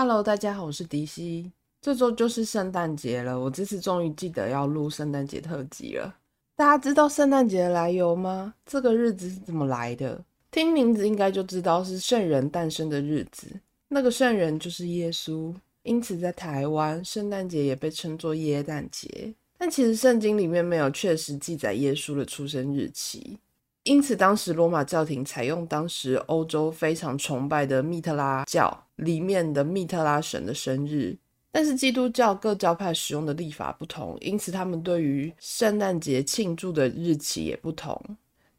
Hello，大家好，我是迪西。這週就是聖誕節了，我這次終於記得要錄聖誕節特輯了。大家知道聖誕節的來由嗎？這個日子是怎麼來的？聽名字應該就知道是聖人誕生的日子，那個聖人就是耶穌。因此，在台灣，聖誕節也被稱作耶誕節。但其實聖經裡面沒有確實記載耶穌的出生日期。因此，當時羅馬教廷採用當時歐洲非常崇拜的密特拉教裡面的密特拉神的生日。但是，基督教各教派使用的曆法不同，因此他們對於聖誕節慶祝的日期也不同。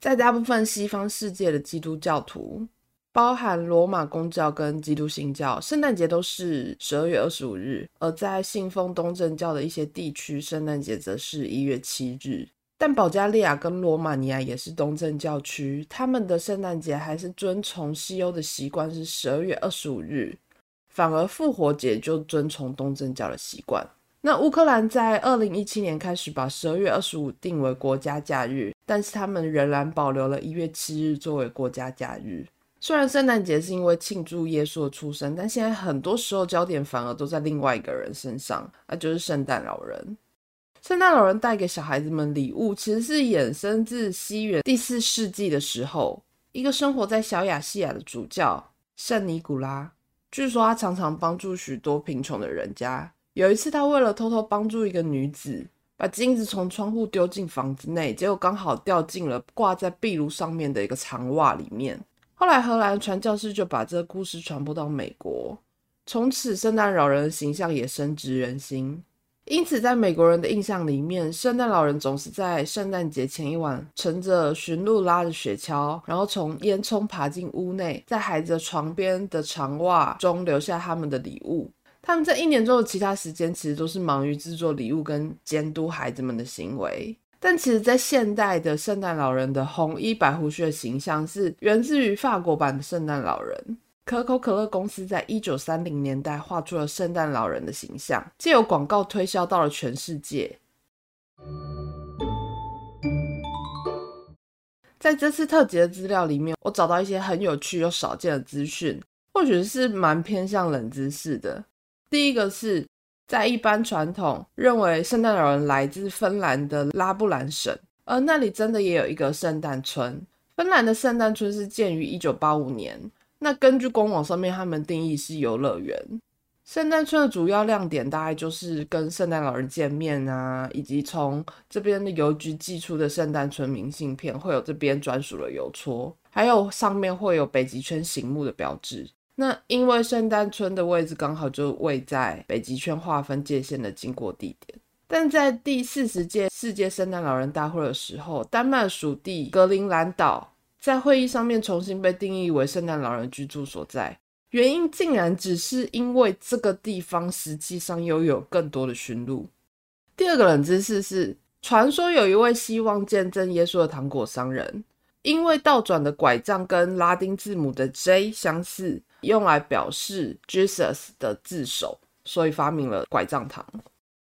在大部分西方世界的基督教徒，包含羅馬公教跟基督新教，聖誕節都是十二月二十五日；而在信奉東正教的一些地區，聖誕節則是一月七日。但保加利亞跟羅馬尼亞也是東正教區，他們的聖誕節還是遵從西歐的習慣，是十二月二十五日；反而復活節就遵從東正教的習慣。那烏克蘭在二零一七年開始把十二月二十五定為國家假日，但是他們仍然保留了一月七日作為國家假日。雖然聖誕節是因為慶祝耶穌的出生，但現在很多時候焦點反而都在另外一個人身上，那、啊、就是聖誕老人。聖誕老人帶給小孩子們禮物，其實是衍生自西元第四世紀的時候，一個生活在小亞細亞的主教聖尼古拉。據說他常常幫助許多貧窮的人家。有一次，他為了偷偷幫助一個女子，把金子從窗戶丟進房子內，結果剛好掉進了掛在壁爐上面的一個長襪裡面。後來，荷蘭傳教士就把這個故事傳播到美國，從此聖誕老人的形象也深植人心。因此，在美國人的印象裡面，聖誕老人總是在聖誕節前一晚，乘着馴鹿拉着雪橇，然後從煙囪爬進屋內，在孩子的床邊的長襪中留下他們的禮物。他們在一年中的其他時間，其實都是忙於制作禮物跟監督孩子們的行為。但其實，在現代的聖誕老人的紅衣白胡鬚的形象，是源自於法國版的聖誕老人。可口可樂公司在一九三零年代畫出了聖誕老人的形象，借由廣告推銷到了全世界。在這次特輯的資料裡面，我找到一些很有趣又少見的資訊，或許是蠻偏向冷知識的。第一個是，在一般傳統認為聖誕老人來自芬蘭的拉布蘭省，而那裡真的也有一個聖誕村。芬蘭的聖誕村是建於一九八五年。那根據官網上面他們定義是遊樂園，聖誕村的主要亮點大概就是跟聖誕老人見面啊，以及從這邊的郵局寄出的聖誕村明信片會有這邊專屬的郵戳，還有上面會有北極圈醒目的標誌。那因為聖誕村的位置剛好就位在北極圈劃分界線的經過地點，但在第四十屆世界聖誕老人大會的時候，丹麥屬地格陵蘭島，在會議上面重新被定義為聖誕老人居住所在，原因竟然只是因為這個地方實際上擁有更多的馴鹿。第二個冷知識是，傳說有一位希望見證耶穌的糖果商人，因為倒轉的拐杖跟拉丁字母的 J 相似，用來表示 Jesus 的字首，所以發明了拐杖糖。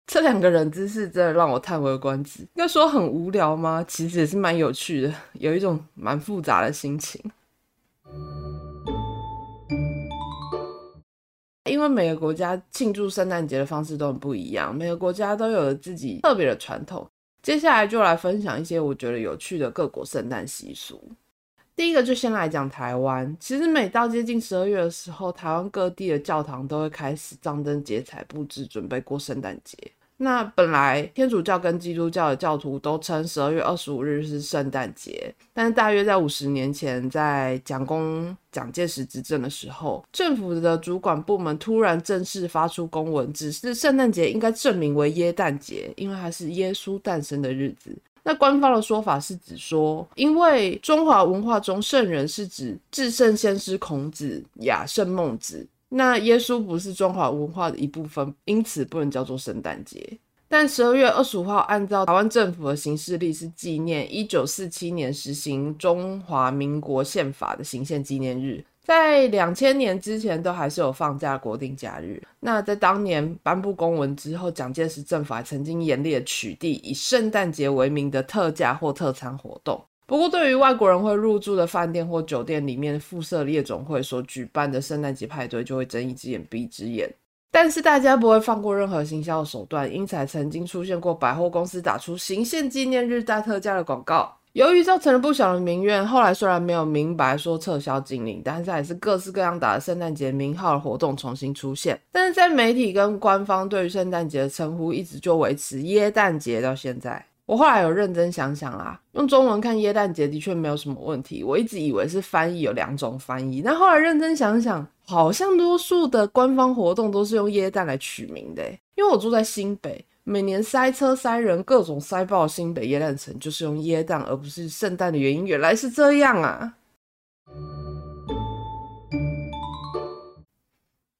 這兩個人真是真的真的讓我嘆為觀止。要說很無聊嗎？其實也是蠻有趣的，有一種蠻複雜的心情。因為每個國家慶祝聖誕節的方式都很不一樣，每個國家都有自己特別的傳統。接下來就來分享一些我覺得有趣的各國聖誕習俗。第一個就先來講台灣。其實每到接近十二月的時候，台灣各地的教堂都會開始張燈結彩佈置，準備過聖誕節。那本來天主教跟基督教的教徒都稱十二月二十五日是聖誕節，但大約在五十年前，在蔣公蔣介石執政的時候，政府的主管部門突然正式發出公文，指示聖誕節應該正名為耶誕節，因為它是耶穌誕生的日子。那官方的說法是指說，因為中華文化中聖人是指至聖先師孔子、亞聖孟子。那耶穌不是中華文化的一部分，因此不能叫做聖誕節。但十二月二十五號，按照台灣政府的行事曆，是紀念一九四七年實行中華民國憲法的行憲紀念日，在兩千年之前都還是有放假國定假日。那在當年頒布公文之後，蔣介石政府還曾經嚴厲的取締以聖誕節為名的特價或特餐活動。不過，對於外國人會入住的飯店或酒店裡面附設夜總會所舉辦的聖誕節派對，就會睜一只眼閉一只眼。但是大家不會放過任何行銷手段，因此還曾經出現過百貨公司打出“行憲紀念日大特價”的廣告，由於造成了不小的民怨，後來雖然沒有明白說撤銷禁令，但是還是各式各樣打着聖誕節名號的活動重新出現。但是在媒體跟官方對於聖誕節的稱呼，一直就維持耶誕節到現在。我後來有認真想想啦，用中文看耶誕節的確沒有什麼問題。我一直以為是翻譯有兩種翻譯，但後來認真想想，好像多數的官方活動都是用耶誕來取名的。因為我住在新北，每年塞車塞人，各種塞爆新北耶誕城，就是用耶誕而不是聖誕的原因，原來是這樣啊。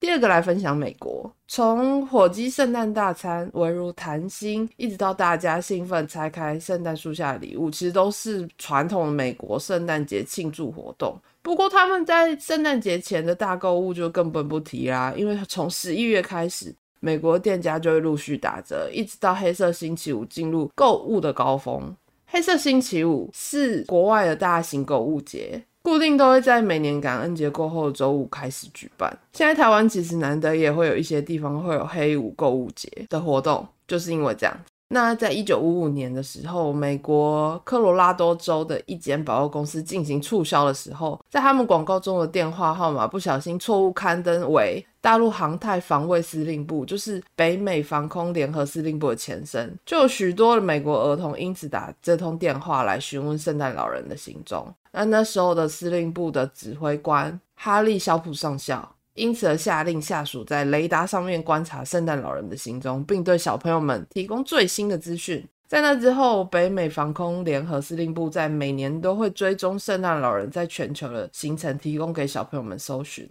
第二個來分享美國，從火雞聖誕大餐、圍爐談心，一直到大家興奮拆開聖誕樹下禮物，其實都是傳統的美國聖誕節慶祝活動。不過，他們在聖誕節前的大購物就根本不提啦，因為從十一月開始，美國店家就會陸續打折，一直到黑色星期五進入購物的高峰。黑色星期五是國外的大型購物節。固定都會在每年感恩節過後的周五開始舉辦。現在台灣其實難得也會有一些地方會有黑五購物節的活動，就是因為這樣。那在一九五五年的時候，美國科羅拉多州的一間百貨公司進行促銷的時候，在他們廣告中的電話號碼不小心錯誤刊登為大陸航太防衛司令部，就是北美防空聯合司令部的前身，就有許多的美國兒童因此打這通電話來詢問聖誕老人的行蹤。而、啊、那時候的司令部的指揮官哈利·肖普上校，因此而下令下屬在雷達上面觀察聖誕老人的行蹤，並對小朋友們提供最新的資訊。在那之後，北美防空聯合司令部在每年都會追蹤聖誕老人在全球的行程，提供給小朋友們搜尋。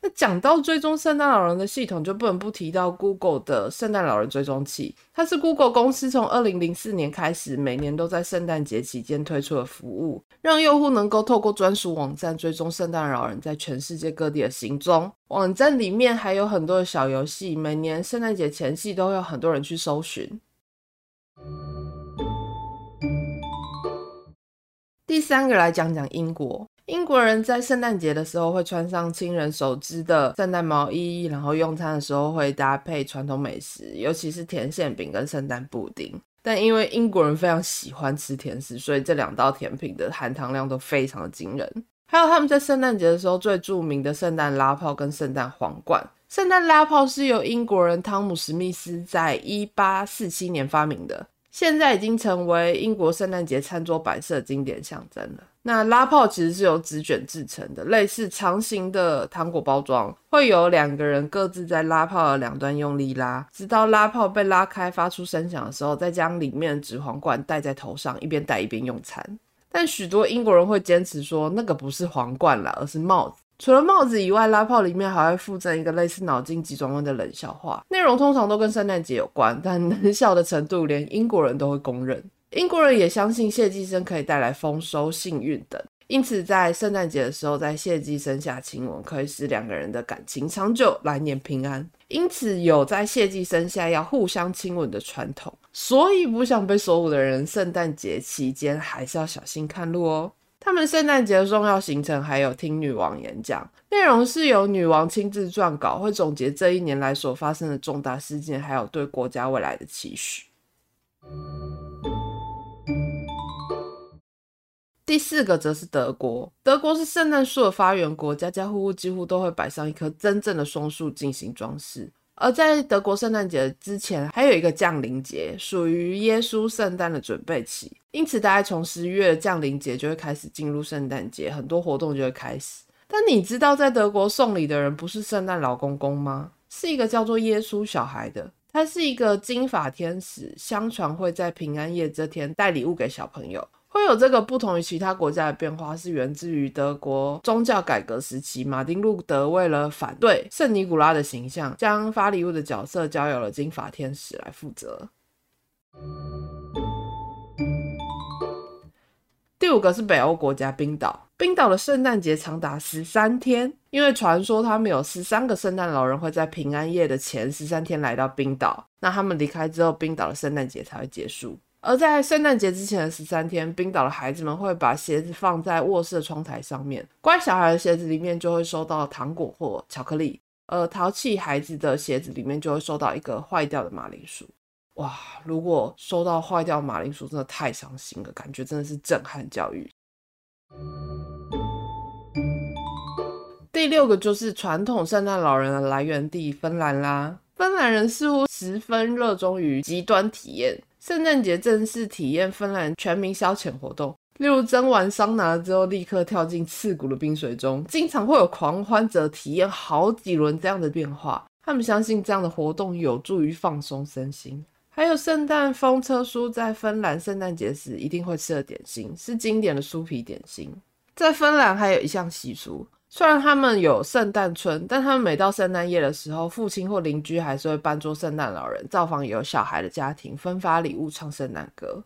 那講到追蹤聖誕老人的系統，就不能不提到 Google 的聖誕老人追蹤器。它是 Google 公司從二零零四年開始，每年都在聖誕節期間推出的服務，讓用戶能夠透過專屬網站追蹤聖誕老人在全世界各地的行蹤。網站裡面還有很多的小遊戲，每年聖誕節前夕都有很多人去搜尋。第三個來講講英國，英國人在聖誕節的時候會穿上親人手織的聖誕毛衣，然後用餐的時候會搭配傳統美食，尤其是甜餡餅跟聖誕布丁。但因為英國人非常喜歡吃甜食，所以這兩道甜品的含糖量都非常的驚人。還有他們在聖誕節的時候最著名的聖誕拉炮跟聖誕皇冠。聖誕拉炮是由英國人湯姆史密斯在一八四七年發明的。現在已經成為英國聖誕節餐桌擺設經典象徵了。那拉炮其實是由紙卷制成的，類似長形的糖果包裝，會有兩個人各自在拉炮的兩端用力拉，直到拉炮被拉開發出聲響的時候，再將裡面的紙皇冠戴在頭上，一邊戴一邊用餐。但許多英國人會堅持說，那個不是皇冠啦，而是帽子。除了帽子以外，拉炮裡面還會附贈一個類似腦筋急轉彎的冷笑話，內容通常都跟聖誕節有關，但冷笑的程度連英國人都會公認。英國人也相信槲寄生可以帶來豐收、幸運等，因此在聖誕節的時候，在槲寄生下親吻可以使兩個人的感情長久，來年平安。因此有在槲寄生下要互相親吻的傳統，所以不想被索吻的人，聖誕節期間還是要小心看路哦。他們聖誕節的重要行程還有聽女王演講，內容是由女王親自撰稿，會總結這一年來所發生的重大事件，還有對國家未來的期許。第四個則是德國，德國是聖誕樹的發源國，家家戶戶幾乎都會擺上一棵真正的松樹進行裝飾。而在德國聖誕節之前，還有一個降臨節，屬於耶穌聖誕的準備期。因此，大概從十一月，降臨節就會開始進入聖誕節，很多活動就會開始。但你知道，在德國送禮的人不是聖誕老公公嗎？是一個叫做耶穌小孩的，他是一個金髮天使，相傳會在平安夜這天帶禮物給小朋友。會有這個不同於其他國家的變化，是源自於德國宗教改革時期，馬丁路德為了反對聖尼古拉的形象，將發禮物的角色交由了金髮天使來負責。第五個是北歐國家冰島，冰島的聖誕節長達十三天，因為傳說他們有十三個聖誕老人會在平安夜的前十三天來到冰島，那他們離開之後，冰島的聖誕節才會結束。而在聖誕節之前的十三天，冰島的孩子們會把鞋子放在臥室的窗台上面，乖小孩的鞋子裡面就會收到糖果或巧克力，而淘氣孩子的鞋子裡面就會收到一個壞掉的馬鈴薯。哇！如果收到壞掉馬鈴薯，真的太傷心了，感覺真的是震撼教育。第六個就是傳統聖誕老人的來源地芬蘭啦。芬蘭人似乎十分熱衷於極端體驗，聖誕節正式體驗芬蘭全民消遣活動，例如蒸完桑拿了之後立刻跳進刺骨的冰水中，經常會有狂歡者體驗好幾輪這樣的變化。他們相信這樣的活動有助於放鬆身心。還有聖誕風車酥，在芬蘭聖誕節時一定會吃的點心，是經典的酥皮點心。在芬蘭還有一項習俗，雖然他們有聖誕村，但他們每到聖誕夜的時候，父親或鄰居還是會扮作聖誕老人造訪有小孩的家庭，分發禮物，唱聖誕歌。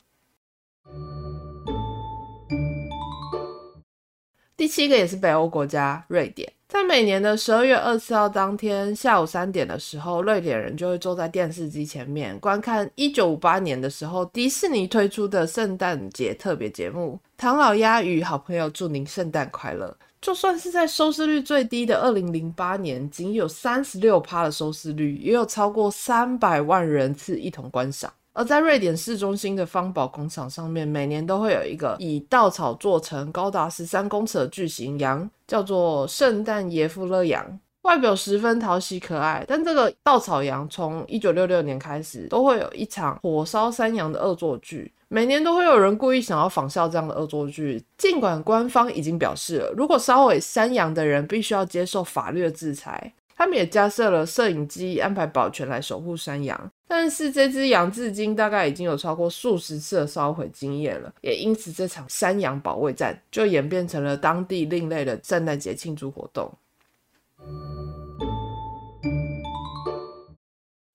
第七個也是北歐國家，瑞典。在每年的十二月二十四號當天下午三點的時候，瑞典人就會坐在電視機前面觀看一九五八年的時候迪士尼推出的聖誕節特別節目《唐老鴨與好朋友》，祝您聖誕快樂。就算是在收視率最低的二零零八年僅36，僅有三十六趴的收視率，也有超過三百萬人次一同觀賞。而在瑞典市中心的方寶工廠上面，每年都會有一個以稻草做成高達十三公尺的巨型羊。叫做聖誕耶夫勒羊，外表十分討喜可愛，但這個稻草羊從一九六六年開始，都會有一場火燒山羊的惡作劇，每年都會有人故意想要仿效這樣的惡作劇，儘管官方已經表示了，如果燒毀山羊的人必須要接受法律的制裁。他們也架設了攝影機，安排保全來守護山羊。但是這隻羊至今大概已經有超過數十次的燒毀經驗了，也因此這場山羊保衛戰就演變成了當地另類的聖誕節慶祝活動。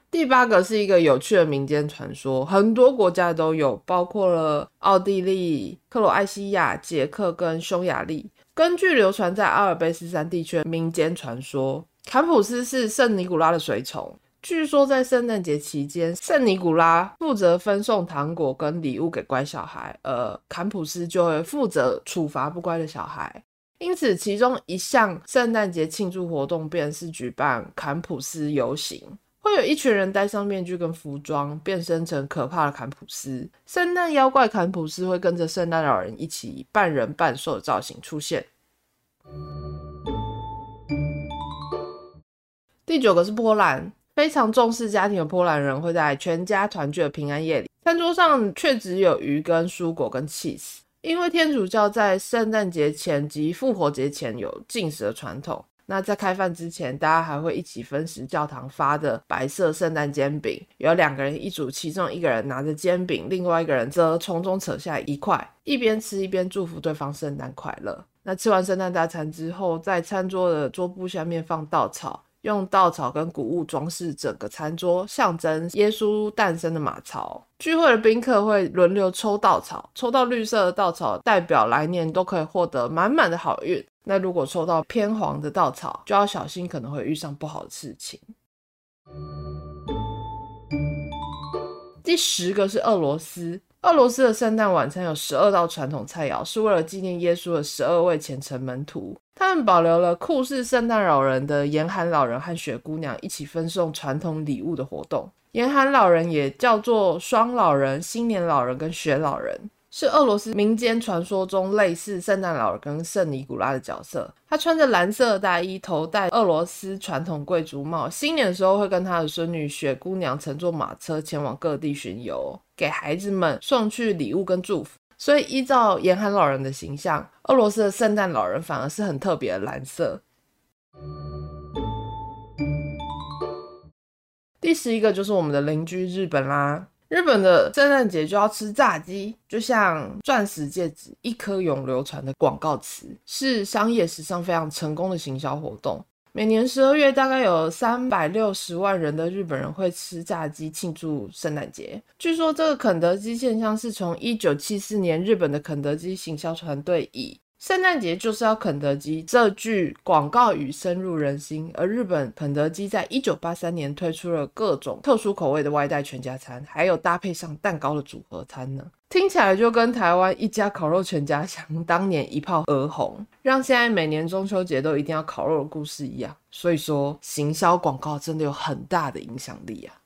第八個是一個有趣的民間傳說，很多國家都有，包括了奧地利、克羅埃西亞、捷克跟匈牙利。根據流傳在阿爾卑斯山地區的民間傳說。坎普斯是聖尼古拉的隨從。據說在聖誕節期間，聖尼古拉負責分送糖果跟禮物給乖小孩，而、呃、坎普斯就會負責處罰不乖的小孩。因此，其中一項聖誕節慶祝活動便是舉辦坎普斯遊行。會有一群人戴上面具跟服裝，變身成可怕的坎普斯。聖誕妖怪坎普斯會跟着聖誕老人一起，半人半獸的造型出現。第九個是波蘭，非常重視家庭的波蘭人會在全家團聚的平安夜裡，餐桌上卻只有魚跟蔬果跟 cheese，因為天主教在聖誕節前及復活節前有禁食的傳統。那在開飯之前，大家還會一起分食教堂發的白色聖誕煎餅，有兩個人一組，其中一個人拿着煎餅，另外一個人則從中扯下一塊，一邊吃一邊祝福對方聖誕快樂。那吃完聖誕大餐之後，在餐桌的桌布下面放稻草。用稻草跟穀物裝飾整個餐桌，象徵耶穌誕生的馬槽。聚會的賓客會輪流抽稻草，抽到綠色的稻草代表來年都可以獲得滿滿的好運。那如果抽到偏黃的稻草，就要小心，可能會遇上不好的事情。第十個是俄羅斯。俄羅斯的聖誕晚餐有十二道傳統菜肴，是為了紀念耶穌的十二位虔誠門徒。他們保留了酷似聖誕老人的嚴寒老人和雪姑娘一起分送傳統禮物的活動。嚴寒老人也叫做雙老人、新年老人跟雪老人，是俄羅斯民間傳說中類似聖誕老人跟聖尼古拉的角色。他穿着藍色大衣，頭戴俄羅斯傳統貴族帽，新年的時候會跟他的孫女雪姑娘乘坐馬車前往各地巡遊。給孩子們送去禮物跟祝福，所以依照嚴寒老人的形象，俄羅斯的聖誕老人反而是很特別的藍色。第十一個就是我們的鄰居日本啦，日本的聖誕節就要吃炸雞，就像鑽石戒指一顆永流傳的廣告詞，是商業史上非常成功的行銷活動。每年十二月，大概有三百六十萬人的日本人會吃炸雞慶祝聖誕節。據說這個肯德基現象是從一九七四年日本的肯德基行銷團隊以。聖誕節就是要肯德基。這句廣告語深入人心。而日本肯德基在一九八三年推出了各種特殊口味的外帶全家餐，還有搭配上蛋糕的組合餐呢，聽起來就跟台灣一家烤肉全家想當年一炮而紅，讓現在每年中秋節都一定要烤肉的故事一樣。所以說，行銷廣告真的有很大的影響力啊。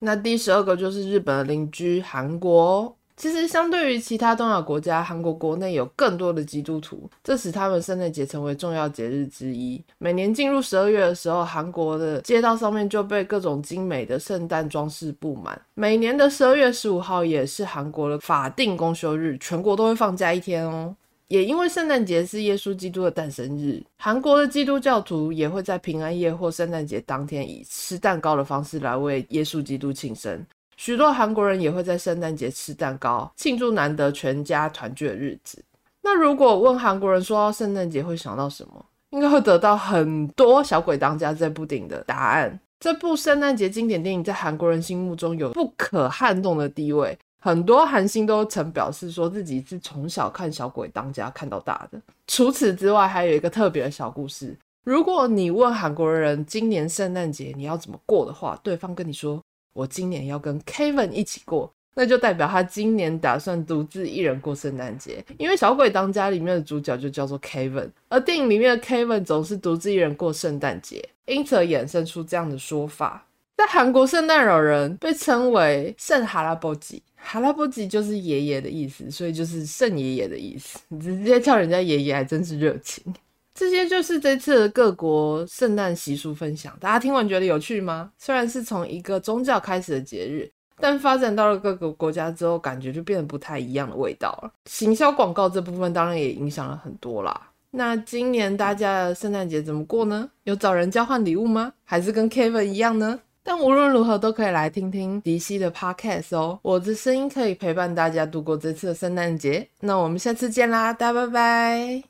那第十二個就是日本的鄰居韓國。其實，相對於其他東亞國家，韓國國內有更多的基督徒，這使他們聖誕節成為重要節日之一。每年進入十二月的時候，韓國的街道上面就被各種精美的聖誕裝飾布滿。每年的十二月十五號也是韓國的法定公休日，全國都會放假一天哦。也因為聖誕節是耶穌基督的誕生日，韓國的基督教徒也會在平安夜或聖誕節當天以吃蛋糕的方式來為耶穌基督慶生。許多韓國人也會在聖誕節吃蛋糕，慶祝難得全家團聚的日子。那如果問韓國人說到聖誕節會想到什麼，應該會得到很多《小鬼當家》這部電影的答案。這部聖誕節經典電影在韓國人心目中有不可撼動的地位，很多韓星都曾表示說自己是從小看《小鬼當家》看到大的。除此之外，還有一個特別的小故事。如果你問韓國人今年聖誕節你要怎麼過的話，對方跟你說，我今年要跟 Kevin 一起過，那就代表他今年打算獨自一人過聖誕節。因為《小鬼當家》裡面的主角就叫做 Kevin，而電影裡面的 Kevin 總是獨自一人過聖誕節，因此而衍生出這樣的說法。在韓國，聖誕老人被稱為聖哈拉波吉，哈拉波吉就是爺爺的意思，所以就是聖爺爺的意思。你直接叫人家爺爺還真是熱情。這些就是這次的各國聖誕習俗分享，大家聽完覺得有趣嗎？雖然是從一個宗教開始的節日，但發展到了各個國家之後，感覺就變得不太一樣的味道了。行銷廣告這部分當然也影響了很多啦。那今年大家的聖誕節怎麼過呢？有找人交換禮物嗎？還是跟 Kevin 一樣呢？但無論如何都可以來聽聽迪西的 Podcast 哦，我的聲音可以陪伴大家度過這次的聖誕節。那我們下次見啦，大家拜拜。